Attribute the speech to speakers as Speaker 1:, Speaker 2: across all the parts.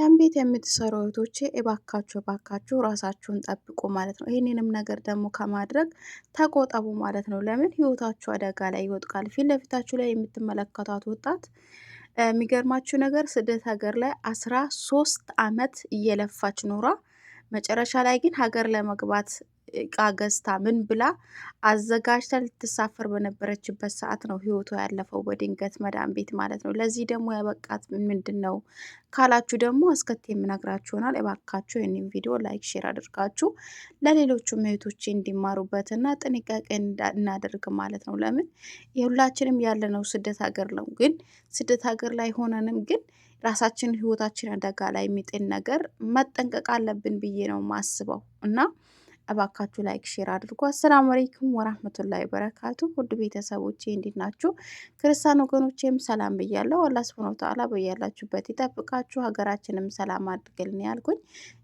Speaker 1: ያን ቤት የምትሰሩ እህቶቼ እባካችሁ እባካችሁ ራሳችሁን ጠብቁ ማለት ነው። ይህንንም ነገር ደግሞ ከማድረግ ተቆጠቡ ማለት ነው። ለምን ህይወታችሁ አደጋ ላይ ይወድቃል። ፊት ለፊታችሁ ላይ የምትመለከቷት ወጣት የሚገርማችሁ ነገር ስደት ሀገር ላይ አስራ ሶስት አመት እየለፋች ኖሯ መጨረሻ ላይ ግን ሀገር ለመግባት እቃ ገዝታ ምን ብላ አዘጋጅታ ልትሳፈር በነበረችበት ሰዓት ነው ህይወቷ ያለፈው በድንገት መዳን ቤት ማለት ነው። ለዚህ ደግሞ ያበቃት ምንድን ነው ካላችሁ ደግሞ አስከት የምነግራችሁ ይሆናል። የባካችሁ ይህንን ቪዲዮ ላይክ፣ ሼር አድርጋችሁ ለሌሎቹም እህቶች እንዲማሩበትና ጥንቃቄ እናደርግ ማለት ነው። ለምን የሁላችንም ያለነው ስደት ሀገር ነው። ግን ስደት ሀገር ላይ ሆነንም ግን ራሳችን ህይወታችን አደጋ ላይ የሚጥል ነገር መጠንቀቅ አለብን ብዬ ነው ማስበው እና እባካችሁ ላይክ፣ ሼር አድርጉ። አሰላሙ አለይኩም ወራህመቱላሂ ወበረካቱ። ውድ ቤተሰቦቼ እንዴት ናችሁ? ክርስቲያን ወገኖቼም ሰላም ብያለሁ። አላህ ሱብሐነሁ ወተዓላ በያላችሁበት ይጠብቃችሁ፣ ሀገራችንም ሰላም አድርግልን ያልኩኝ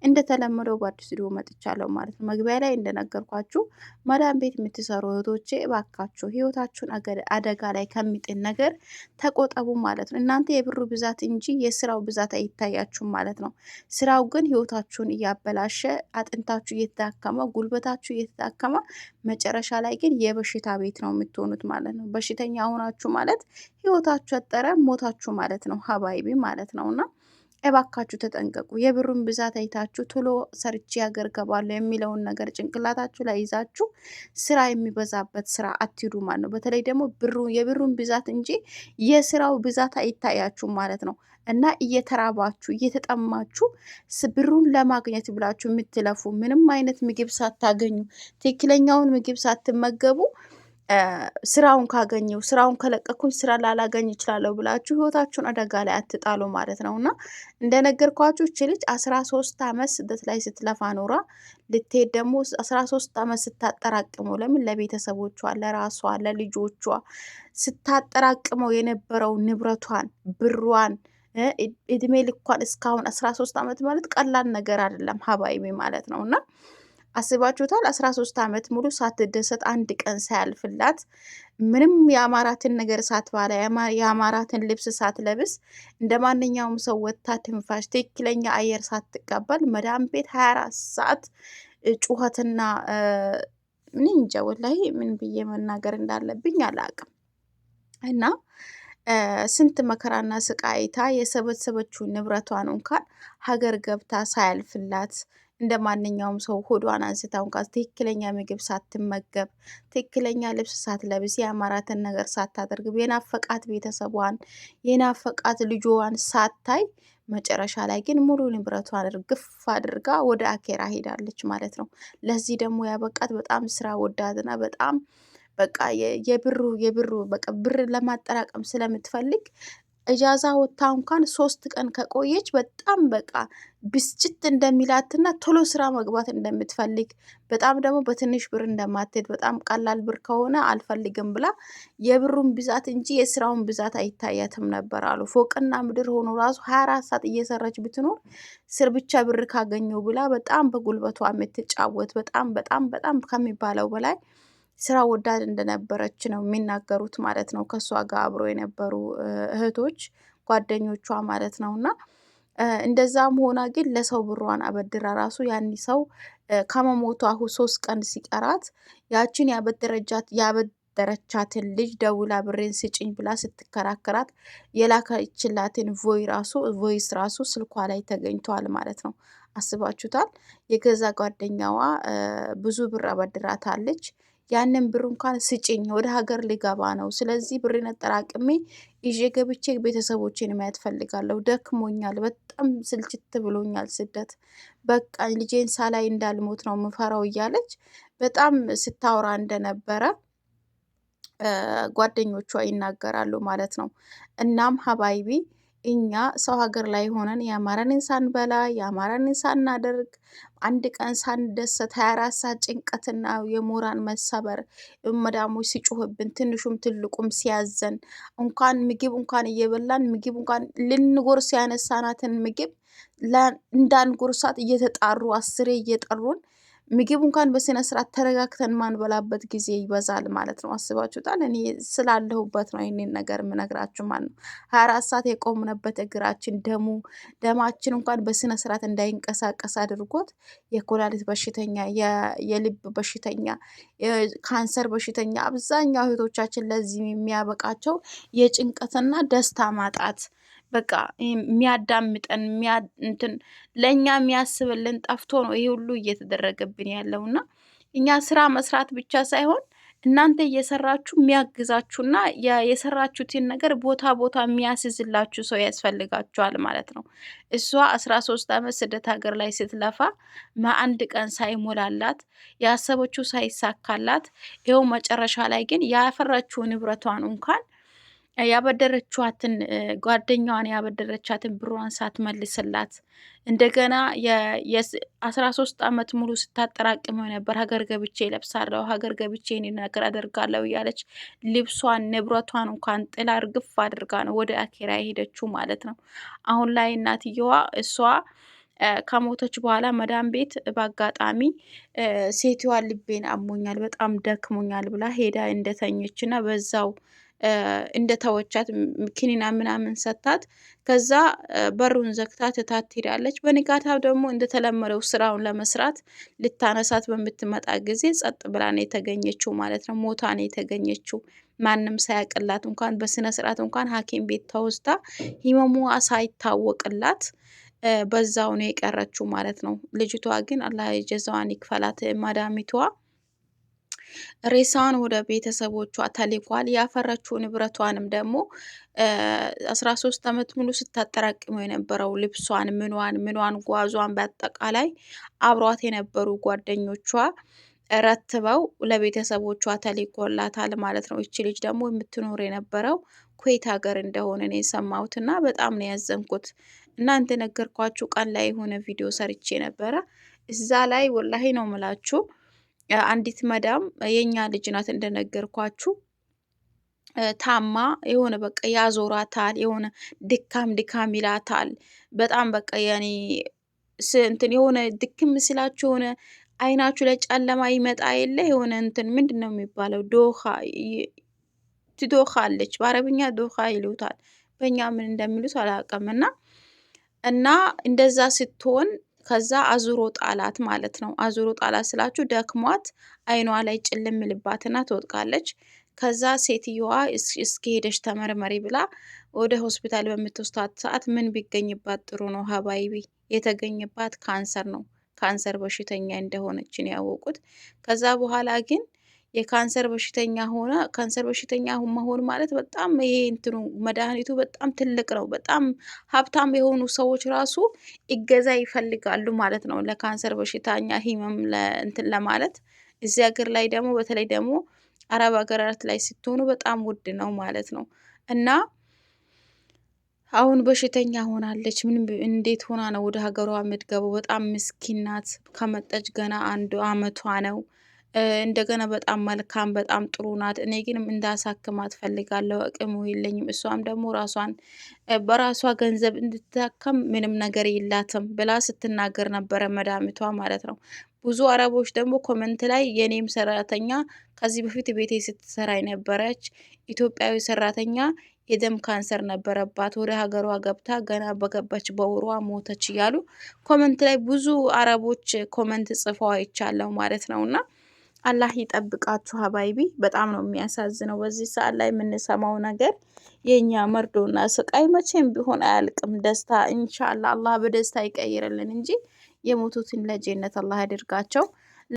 Speaker 1: እንደተለመደው በአዲስ ቪዲዮ መጥቻለሁ ማለት ነው። መግቢያ ላይ እንደነገርኳችሁ መዳም ቤት የምትሰሩ እህቶቼ እባካችሁ ህይወታችሁን አደጋ ላይ ከሚጥል ነገር ተቆጠቡ ማለት ነው። እናንተ የብሩ ብዛት እንጂ የስራው ብዛት አይታያችሁም ማለት ነው። ስራው ግን ህይወታችሁን እያበላሸ አጥንታችሁ እየተዳከመ ጉልበታችሁ እየተዳከመ መጨረሻ ላይ ግን የበሽታ ቤት ነው የምትሆኑት ማለት ነው። በሽተኛ ሆናችሁ ማለት ህይወታችሁ አጠረ ሞታችሁ ማለት ነው። ሀባይቢ ማለት ነው እና እባካችሁ ተጠንቀቁ። የብሩን ብዛት አይታችሁ ቶሎ ሰርቼ ሀገር ገባለሁ የሚለውን ነገር ጭንቅላታችሁ ላይ ይዛችሁ ስራ የሚበዛበት ስራ አትሂዱ ማለት ነው። በተለይ ደግሞ ብሩ የብሩን ብዛት እንጂ የስራው ብዛት አይታያችሁ ማለት ነው። እና እየተራባችሁ እየተጠማችሁ ብሩን ለማግኘት ብላችሁ የምትለፉ ምንም አይነት ምግብ ሳታገኙ ትክክለኛውን ምግብ ሳትመገቡ ስራውን ካገኘው ስራውን ከለቀኩኝ ስራ ላላገኝ ይችላለሁ ብላችሁ ህይወታችሁን አደጋ ላይ አትጣሉ ማለት ነው። እና እንደነገርኳችሁ እች ልጅ አስራ ሶስት አመት ስደት ላይ ስትለፋ ኖራ ልትሄድ ደግሞ አስራ ሶስት አመት ስታጠራቅመው ለምን ለቤተሰቦቿ፣ ለራሷ፣ ለልጆቿ ስታጠራቅመው የነበረው ንብረቷን፣ ብሯን እድሜ ልኳን እስካሁን አስራ ሶስት አመት ማለት ቀላል ነገር አይደለም ሀባይቢ ማለት ነው እና አስባችሁታል? አስራ ሶስት ዓመት ሙሉ ሳትደሰት አንድ ቀን ሳያልፍላት ምንም የአማራትን ነገር ሳትባላ የአማራትን ልብስ ሳትለብስ እንደ ማንኛውም ሰው ወጥታ ትንፋሽ ትክክለኛ አየር ሳትቀበል መዳም ቤት ሀያ አራት ሰዓት ጩኸትና ምን እንጃ ወላሂ ምን ብዬ መናገር እንዳለብኝ አላቅም እና ስንት መከራና ስቃይታ የሰበሰበችውን ንብረቷን እንኳን ሀገር ገብታ ሳያልፍላት እንደ ማንኛውም ሰው ሆዷን አንስታውን ቃዝ ትክክለኛ ምግብ ሳትመገብ ትክክለኛ ልብስ ሳትለብስ የአማራትን ነገር ሳታደርግ የናፈቃት ቤተሰቧን የናፈቃት ልጇን ሳታይ መጨረሻ ላይ ግን ሙሉ ንብረቷን እርግፍ አድርጋ ወደ አኬራ ሄዳለች ማለት ነው። ለዚህ ደግሞ ያበቃት በጣም ስራ ወዳድና በጣም በቃ የብሩ የብሩ በቃ ብር ለማጠራቀም ስለምትፈልግ እጃዛ ወታ እንኳን ሶስት ቀን ከቆየች በጣም በቃ ብስጭት እንደሚላትና ቶሎ ስራ መግባት እንደምትፈልግ በጣም ደግሞ በትንሽ ብር እንደማትሄድ በጣም ቀላል ብር ከሆነ አልፈልግም ብላ የብሩን ብዛት እንጂ የስራውን ብዛት አይታያትም ነበር አሉ። ፎቅና ምድር ሆኖ ራሱ ሀያ አራት ሰዓት እየሰራች ብትኖር ስር ብቻ ብር ካገኘው ብላ በጣም በጉልበቷ የምትጫወት በጣም በጣም በጣም ከሚባለው በላይ ስራ ወዳድ እንደነበረች ነው የሚናገሩት ማለት ነው። ከእሷ ጋር አብሮ የነበሩ እህቶች ጓደኞቿ ማለት ነው እና እንደዛም ሆና ግን ለሰው ብሯን አበድራ ራሱ ያን ሰው ከመሞቷ ሶስት ቀን ሲቀራት ያችን ያበደረቻትን ልጅ ደውላ ብሬን ስጭኝ ብላ ስትከራከራት የላከችላትን ቮይ ራሱ ቮይስ ራሱ ስልኳ ላይ ተገኝቷል ማለት ነው። አስባችሁታል? የገዛ ጓደኛዋ ብዙ ብር አበድራታለች። ያንን ብር እንኳን ስጭኝ፣ ወደ ሀገር ሊገባ ነው። ስለዚህ ብሬን አጠራቅሜ ይዤ ገብቼ ቤተሰቦቼን ማየት ፈልጋለሁ። ደክሞኛል፣ በጣም ስልችት ብሎኛል ስደት። በቃ ልጄን ሳላይ እንዳልሞት ነው ምፈራው እያለች በጣም ስታወራ እንደነበረ ጓደኞቿ ይናገራሉ ማለት ነው። እናም ሀባይቢ እኛ ሰው ሀገር ላይ ሆነን የአማራንን ሳንበላ የአማራንን ሳናደርግ አንድ ቀን ሳንደሰት ሀያ አራት ሰዓት ጭንቀትና የሞራል መሰበር መዳሞች ሲጮህብን ትንሹም ትልቁም ሲያዘን እንኳን ምግብ እንኳን እየበላን ምግብ እንኳን ልንጎርስ ያነሳናትን ምግብ እንዳንጎርሳት እየተጣሩ አስሬ እየጠሩን ምግብ እንኳን በስነ ስርዓት ተረጋግተን ማንበላበት ጊዜ ይበዛል ማለት ነው። አስባችሁታል? እኔ ስላለሁበት ነው ይህንን ነገር የምነግራችሁ ማለት ነው። ሀያ አራት ሰዓት የቆምነበት እግራችን ደሙ ደማችን እንኳን በስነ ስርዓት እንዳይንቀሳቀስ አድርጎት የኮላሊት በሽተኛ፣ የልብ በሽተኛ፣ ካንሰር በሽተኛ አብዛኛው እህቶቻችን ለዚህ የሚያበቃቸው የጭንቀትና ደስታ ማጣት በቃ የሚያዳምጠን እንትን ለእኛ የሚያስብልን ጠፍቶ ነው ይሄ ሁሉ እየተደረገብን ያለው እና እኛ ስራ መስራት ብቻ ሳይሆን እናንተ እየሰራችሁ የሚያግዛችሁና የሰራችሁትን ነገር ቦታ ቦታ የሚያስዝላችሁ ሰው ያስፈልጋችኋል ማለት ነው። እሷ አስራ ሶስት አመት ስደት ሀገር ላይ ስትለፋ አንድ ቀን ሳይሞላላት ያሰበችው ሳይሳካላት ይኸው መጨረሻ ላይ ግን ያፈራችው ንብረቷን እንኳን ያበደረችዋትን ጓደኛዋን ያበደረቻትን ብሯን ሳትመልስላት እንደገና አስራ ሶስት ዓመት ሙሉ ስታጠራቅመው ነበር። ሀገር ገብቼ ለብሳለሁ፣ ሀገር ገብቼ እኔ ነገር አደርጋለሁ እያለች ልብሷን ንብረቷን እንኳን ጥላ እርግፍ አድርጋ ነው ወደ አኬራ የሄደችው ማለት ነው። አሁን ላይ እናትየዋ እሷ ከሞተች በኋላ መዳም ቤት በአጋጣሚ ሴትዋ ልቤን አሞኛል፣ በጣም ደክሞኛል ብላ ሄዳ እንደተኘች እና በዛው እንደተወቻት ክኒና ምናምን ሰታት ከዛ በሩን ዘግታ ትታት ትሄዳለች። በንጋታው ደግሞ እንደተለመደው ስራውን ለመስራት ልታነሳት በምትመጣ ጊዜ ጸጥ ብላ ነው የተገኘችው ማለት ነው። ሞታ ነው የተገኘችው። ማንም ሳያቅላት እንኳን በስነ ስርዓት እንኳን ሐኪም ቤት ተወስዳ ህመሟ ሳይታወቅላት በዛው ነው የቀረችው ማለት ነው። ልጅቷ ግን አላህ የጀዛዋን ይክፈላት። ማዳሚቷ ሬሳዋን ወደ ቤተሰቦቿ ተልኳል። ያፈረችው ንብረቷንም ደግሞ አስራ ሶስት ዓመት ሙሉ ስታጠራቅመው የነበረው ልብሷን፣ ምኗን ምኗን፣ ጓዟን በአጠቃላይ አብሯት የነበሩ ጓደኞቿ ረትበው ለቤተሰቦቿ ተልኮላታል ማለት ነው። ይቺ ልጅ ደግሞ የምትኖር የነበረው ኩዌት ሀገር እንደሆነ ነው የሰማሁት እና በጣም ነው ያዘንኩት እናንተ ነገርኳችሁ ቀን ላይ የሆነ ቪዲዮ ሰርቼ ነበረ እዛ ላይ ወላሂ ነው ምላችሁ አንዲት መዳም የእኛ ልጅ ናት እንደነገርኳችሁ ታማ የሆነ በቃ ያዞራታል። የሆነ ድካም ድካም ይላታል። በጣም በቃ ያኔ እንትን የሆነ ድክም ስላችሁ የሆነ አይናችሁ ላይ ጨለማ ይመጣ የለ የሆነ እንትን ምንድን ነው የሚባለው? ዶኻ ትዶኻለች። በአረብኛ ዶኻ ይሉታል። በእኛ ምን እንደሚሉት አላውቅም እና እና እንደዛ ስትሆን ከዛ አዙሮ ጣላት ማለት ነው። አዙሮ ጣላት ስላችሁ ደክሟት አይኗ ላይ ጭልም ልባትና ትወድቃለች። ከዛ ሴትየዋ እስከሄደች ተመርመሪ ብላ ወደ ሆስፒታል በምትወስዳት ሰዓት ምን ቢገኝባት ጥሩ ነው ሀባይቢ? የተገኘባት ካንሰር ነው። ካንሰር በሽተኛ እንደሆነችን ያወቁት ከዛ በኋላ ግን የካንሰር በሽተኛ ሆነ ካንሰር በሽተኛ መሆን ማለት በጣም ይሄ እንትኑ መድኃኒቱ በጣም ትልቅ ነው። በጣም ሀብታም የሆኑ ሰዎች ራሱ ይገዛ ይፈልጋሉ ማለት ነው ለካንሰር በሽተኛ ህመም እንትን ለማለት እዚህ ሀገር ላይ ደግሞ በተለይ ደግሞ አረብ ሀገራት ላይ ስትሆኑ በጣም ውድ ነው ማለት ነው እና አሁን በሽተኛ ሆናለች። ምን እንዴት ሆና ነው ወደ ሀገሯ የምትገባው? በጣም ምስኪን ናት። ከመጣች ገና አንዱ አመቷ ነው። እንደገና በጣም መልካም በጣም ጥሩ ናት። እኔ ግን እንዳሳክማት ፈልጋለሁ፣ እቅሙ የለኝም። እሷም ደግሞ ራሷን በራሷ ገንዘብ እንድታከም ምንም ነገር የላትም ብላ ስትናገር ነበረ መዳሚቷ ማለት ነው። ብዙ አረቦች ደግሞ ኮመንት ላይ የኔም ሰራተኛ ከዚህ በፊት ቤቴ ስትሰራ የነበረች ኢትዮጵያዊ ሰራተኛ የደም ካንሰር ነበረባት፣ ወደ ሀገሯ ገብታ ገና በገባች በወሯ ሞተች እያሉ ኮመንት ላይ ብዙ አረቦች ኮመንት ጽፈው አይቻለሁ ማለት ነው እና አላህ ይጠብቃችሁ ሀባይቢ። በጣም ነው የሚያሳዝነው። በዚህ ሰዓት ላይ የምንሰማው ነገር የእኛ መርዶና ስቃይ መቼም ቢሆን አያልቅም። ደስታ እንሻላ አላህ በደስታ ይቀይርልን እንጂ የሞቱትን ለጀነት አላህ ያደርጋቸው።